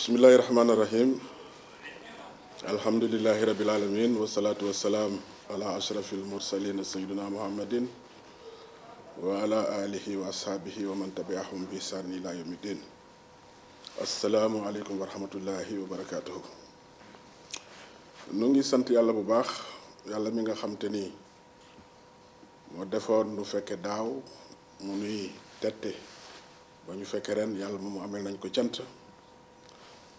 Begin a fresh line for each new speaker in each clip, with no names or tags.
bismillahi rahmaani rahim alhamdulilahi rabil alamin wasalaatu wasalaam ala ashrafil mursalin sayidina muhammadin wa ala alihi wa ashaabihi wa man tabiahum bi ihsaan ila yawmi din assalaamu aleykum wa wa barakaatuhu nu ngi sant yàlla bu baax yàlla mi nga xam te ni moo defoon nu fekkee daaw mu nuy tette ba ñu fekke ren yàlla mu amel nañ ko cant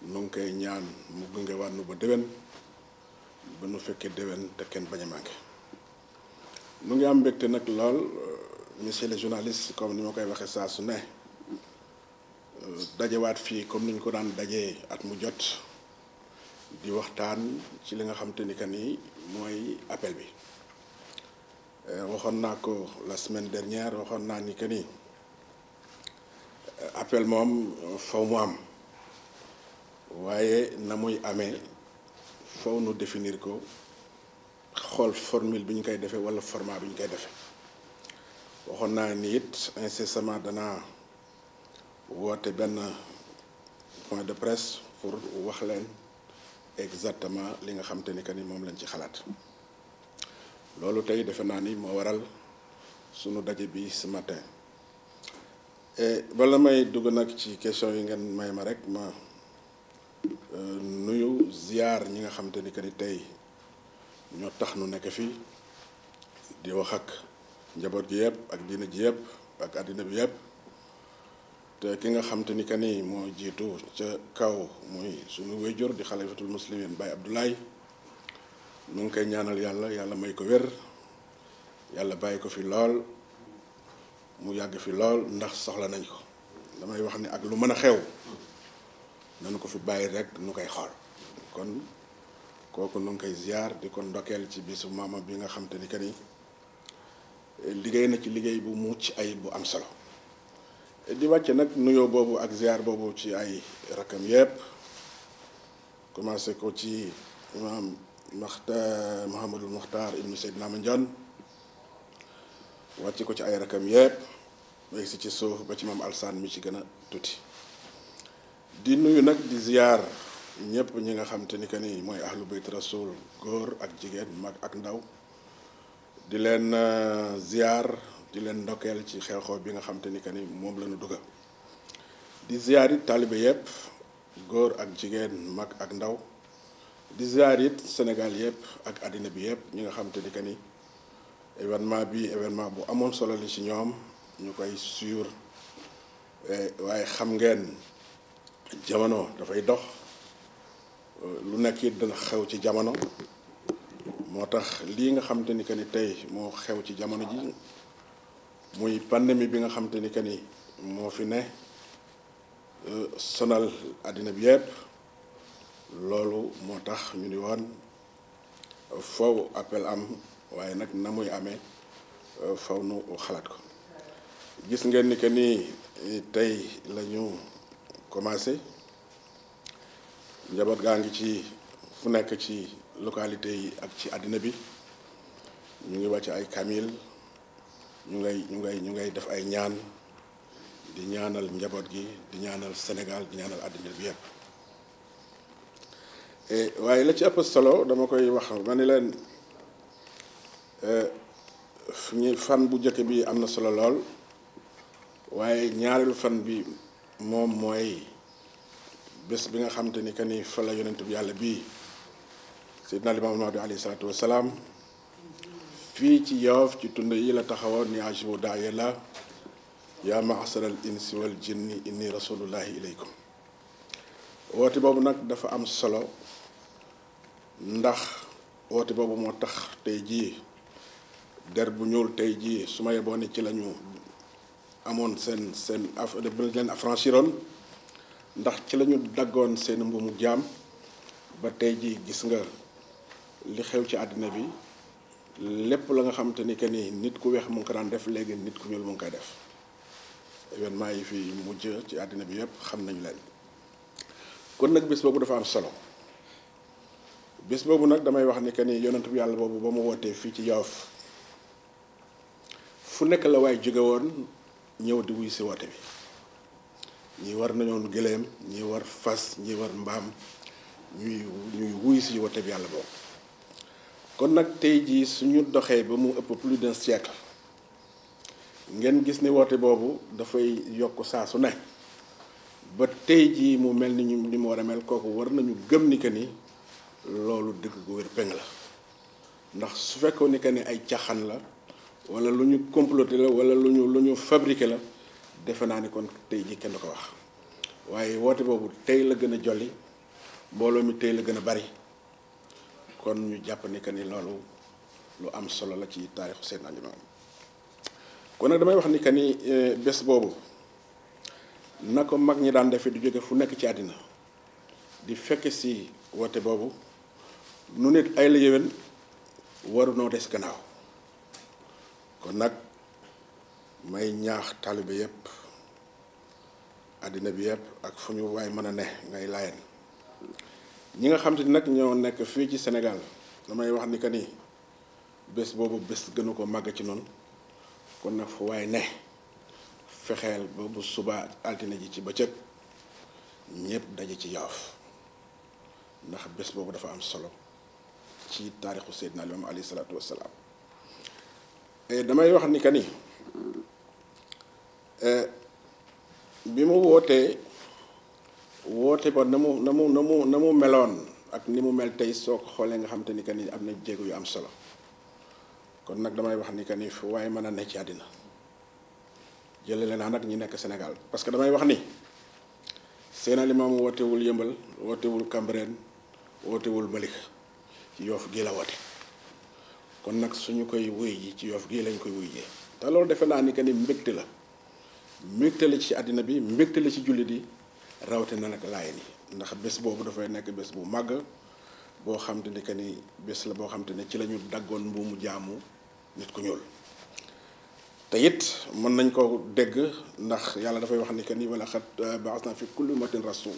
nu ngi koy ñaan mu gunge waat nu ba déwén ba nu fekkee déwén te kenn bañ a manqué nu ngi am mbégte nag lool euh, monsieur le journaliste comme ni ma koy waxee saa su ne euh, dajewaat fii comme ni ñu ko daan dajee at mu jot di waxtaan ci li nga xam te ni que ni mooy appel bi euh, waxoon naa ko la semaine dernière waxoon naa ni que ni appel moom faw mu am. waaye na muy amee faw nu definir ko xool formule bi ñu koy defee wala format bi ñu koy defee waxoon naa ni it incessamment danaa woote benn point de presse pour wax leen exactement li nga xam te ni que ni moom lañ ci xalaat loolu tey defe naa ni moo waral sunu daje bi ce matin bala may dugg nag ci question yi ngeen may ma rek ma. Euh, nuyu ziar ñi nga xamante ni que ni tey ñoo tax nu nekk fii di wax ak njaboot gi yëpp ak diina ji yëpp ak àddina bi yëpp te ki nga xamante ni que ni moo jiitu ca kaw muy suñu wéjur di xalifatul muslimin Baye Abdoulaye mu ngi koy ñaanal yàlla yàlla may ko wér yàlla bàyyi ko fi lool mu yàgg fi lool ndax soxla nañ ko damay wax ni ak lu mën a xew nañu ko fi bàyyi rek nu koy xool kon kooku nu koy ziar di kon ndokkeel ci biisu maama bi nga xam te ni que ni eh, liggéey na ci liggéey bu ci ay bu am solo eh, di wàcce nag nuyoo boobu ak ziar boobu ci ay rakam yépp commencé ko ci imaam Maxta Mouhamadul Muxtaar ibnu Seydina Mandione wàcce ko ci ay rakam yépp léegi si ci suuf ba ci maam Alsaan mi ci gën a tuuti. di nuyu nag di ziar ñëpp ñi nga xam te ni que ni mooy ahlu bayt rasul góor ak jigéen mag ak ndaw di leen euh, ziar di leen ndokkeel ci xew-xew bi nga xam te ni que ni moom la ñu dugg di ziar it taalibe yëpp góor ak jigéen mag ak ndaw di ziar it Sénégal yëpp ak àddina bi yëpp ñi nga xam te ni que ni événement bi événement bu amoon solo la ci ñoom ñu koy suivre waaye xam ngeen. jamono dafay dox lu nekk it dana xew ci jamono moo tax lii nga xamante ni que ni tey moo xew ci jamono ji muy pandémie bi nga xamante ni que ni moo fi ne euh, sonal àddina bi yëpp loolu moo tax ñu ni woon fow appel am waaye nag na muy amee euh, fow nu xalaat ko gis ngeen ni que ni tey la ñu commencé njaboot gaa ngi ci fu nekk ci localité yi ak ci àddina bi ñu ngi wàcc ay kamil ñu ngay ñu ngay ñu ngay def ay ñaan di ñaanal njaboot gi di ñaanal Sénégal di ñaanal àddina bi yépp e, waaye la ci ëpp solo dama koy wax ma ni leen e, fan bu njëkk bi am na solo lool waaye ñaareelu fan bi moom mooy bés bi nga xam ni que ni fa la yonent bi yàlla bi Seydina Limaamu Mahdi alayhi salaam fii ci Yoof ci tund yi la taxawoon ni ajibu daaye la yaa ma'shar al insi wal jinni inni rasulullahi ilaykum woote boobu nag dafa am solo ndax woote boobu moo tax tey jii der bu ñuul tey jii su ma yeboo ci lañu amoon seen seen af leen affranchiroon ndax ci lañu daggoon seen mbuumu jaam ba tey ji gis nga li xew ci àddina bi lépp la nga xamante ni que ni nit ku weex mu ngi ko daan def léegi nit ku ñuul mu ngi koy def événement yi fi mujj ci àddina bi yëpp xam nañu leen kon nag bés boobu dafa am solo bés boobu nag damay wax ni que ni yonent bi yàlla boobu ba mu wootee fii ci Yoff fu nekk la waaye jóge woon ñëw di wuy si woote bi ñi war nañoon gëléem ñi war fas ñi war mbaam ñuy wuy si woote bi yàlla boobu kon nag tey jii suñu doxee ba mu ëpp plus de siècle ngeen gis ni woote boobu dafay yokk saa su ne ba tey jii mu mel ni ñu ni mu war a mel kooku war nañu gëm ni que ni loolu dëgg gu wér peng la ndax su fekkoon ni que ni ay caxan la wala lu ñu comploté la wala lu ñu lu ñu fabriqué la defe naa ni kon tey jii kenn du ko wax waaye woote boobu tey la gën a jolli mbooloo mi tey la gën a bari kon ñu jàpp ni que ni loolu lu am solo la ci taarixu Seydina Limaamu kon nag damay wax ni que ni eh, bés boobu na ko mag ñi daan defee du jóge fu nekk ci àddina di fekk si woote boobu nu nit ay la yéwén waru des gannaaw. kon nag may ñaax taalibe yëpp àddina bi yëpp ak fu ñu waay mën a ne ngay laayeen ñi nga xam ni nag ñoo nekk fii ci senegal damay wax ni que ni bés boobu bés gënu ko màgg ci noonu kon nag fu waay ne fexeel ba bu subaa altine ji ci bëccëg ñëpp daje ci yaaf ndax bés boobu dafa am solo ci taarixu Seydina na alayhi salaatu wassalaam Eh, damay wax ni que ni eh, bi mu wootee woote ba na mu na mu na mu na mu meloon ak ni mu mel tey soo ko xoolee nga xam te ni que ni am na jéego yu am solo kon nag damay wax ni que ni fu waaye mën a ne ci àddina leen naa nag ñi nekk Sénégal parce que damay wax ni Seydina Limaamu wootewul Yëmbal wootewul Cambérène wootewul Malika Yoof gi la woote kon nag suñu koy wuy ji ci yoof gii lañ koy wuy jee te loolu defe naa ni que ni mbégte la mbégte la ci àddina bi mbégte la ci jullit yi rawatina nag laay ni ndax bés boobu dafay nekk bés bu màgg boo xam ni que ni bés la boo xam te ne ci lañu daggoon mbuumu jaamu nit ku ñuul te it mën nañ ko dégg ndax yàlla dafay wax ni que ni wala xat euh, baas naa fi kulli matin rasul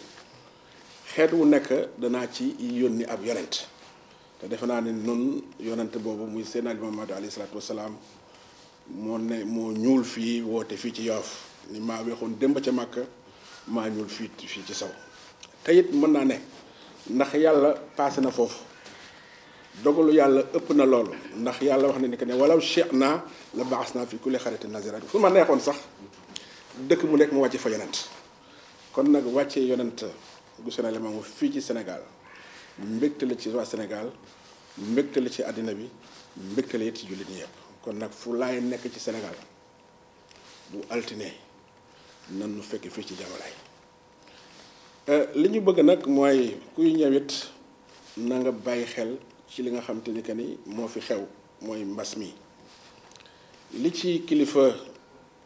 xeet wu nekk danaa ci yónni ab yonent defe naa ne noonu yonante boobu muy Seydina Limaamu Laay alayhi salaatu wasalaam moo ne moo ñuul fii woote fii ci Yoof ni maa weexoon démb ca Màkka maa ñuul fii fii ci saw te it mën naa ne ndax yàlla paase na foofu dogalu yàlla ëpp na loolu ndax yàlla wax na ni que ne walaw shi'naa la baas naa fi kulli xaritin naziran fu ma neexoon sax dëkk mu nekk mu wàcce fa yonent kon nag wàccee yonent gu Seydina Limaamu fii ci Sénégal mbégte la ci waa Sénégal mbégte ci àddina bi mbégte la ci jullit ñi yëpp kon nag fu laay nekk ci senegal bu altine nan nu fekk fii ci jamalaay euh, li ñu bëgg nag mooy kuy ñëwit na bàyyi xel ci li nga xam te ni que ni moo fi xew mooy mbas mi li ci kilifa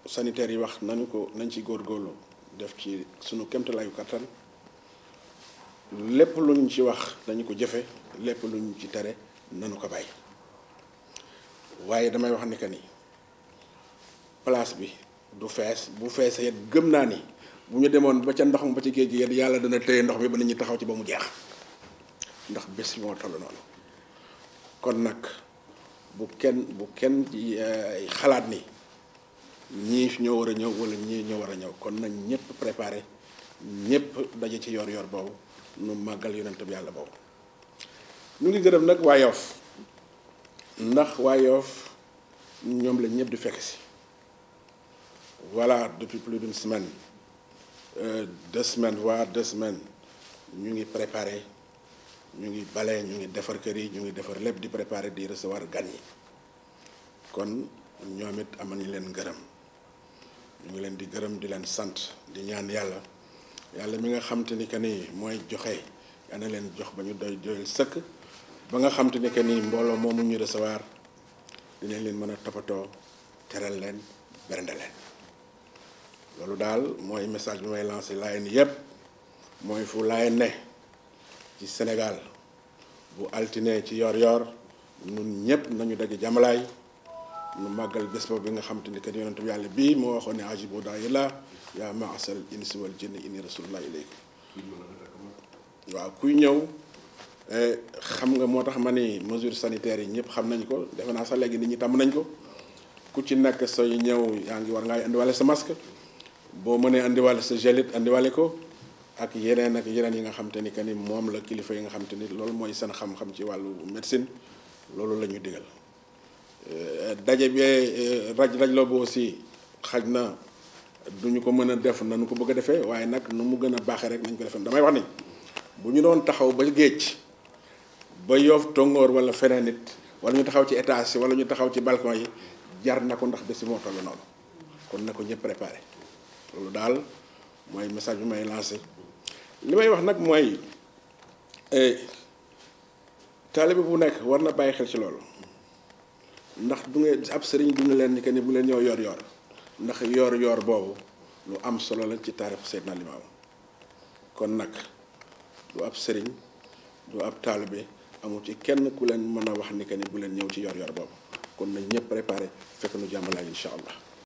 sanitaire yi wax nañu ko nañ ci góorgóorlu def ci sunu kemtalaayu kattan lépp luñ ci wax nañu ko jëfe lépp luñ ci tere nanu ko bàyyi waaye damay wax ni que ni place bi du fees bu feesee yet gëm naa ni bu ñu demoon ba ca ndox mu ba ci géej gi yàlla dina téye ndox mi ba nañu taxaw ci ba mu jeex ndax bés moo toll noonu kon nag bu kenn bu kenn eh, xalaat ni ñii ñoo war a ñëw walla ñii ñoo war a ñëw kon nañ ñëpp préparé ñëpp daje ci yor-yor boobu. nu màggal yonent bi yàlla boobu ñu ngi gërëm nag waa Yoff ndax waa Yoff ñoom la ñëpp di fekk si voilà depuis plus d'une semaine euh, deux semaines voire deux ñu ngi préparé ñu ngi bale ñu ngi defar kër yi ñu ngi defar lépp di préparé di recevoir gan yi kon ñoom it am nañu leen gërëm ñu ngi leen di gërëm di leen sant di ñaan yàlla yàlla mi nga xam ni que nii mooy joxe yal leen jox ba ñu doy doyal sëkk ba nga xam ni que nii mbooloo moomu ñu recevoir dinañ leen mën a toppatoo teral leen bernde leen loolu daal mooy message bi may lancé Laayeen yëpp mooy fu Laayeen ne ci Sénégal bu altine ci yoor yor ñun ñëpp nañu daje jamalaay mu màggal bés ba bi nga xam te ni kat yonentu yàlla bii moo waxoon ne ajibu daa'i llaah yaa ma'shar al-insi wal jinni inni rasulullahi ilaykum waaw kuy ñëw eh, xam nga moo tax ma ni mesure sanitaire yi ñëpp xam nañ ko defe naa sax léegi nit ñi tàmm nañ ko ku ci nekk sooy ñëw yaa ngi war ngaa indiwaale sa masque boo mënee indiwaale sa gelit it indiwaale ko ak yeneen ak yeneen yi nga xam te ni que ni moom la kilifa yi nga xam te ni loolu mooy seen xam-xam ci wàllu médecine loolu la ñu digal. Euh, daje bee euh, raj rajloo bi aussi xaj na duñu ko mën a def nanu ko bëgg a defee waaye nag nu mu gën a baaxee rek nañ ko defee damay wax ni bu ñu doon taxaw ba géej ba yoof tongoor wala feneen nit wala ñu taxaw ci étage wala ñu taxaw ci balcon yi jar na ko ndax bés moo toll noonu kon na ko ñëpp préparé loolu daal mooy message bi may lancé li may wax nag mooy eh, taalibe bu nekk war na bàyyi xel ci loolu ndax du ngeen ab sëriñ du ñu leen ni que ni bu leen ñëw yor yor ndax yor yor boobu lu am solo lañ ci taarix na Limaamu kon nag du ab sëriñ du ab taalibe amul ci kenn ku leen mën a wax ni que bu leen ñëw ci yor yor boobu kon nañ ñëpp préparé fekk nu jàmbalaay incha allah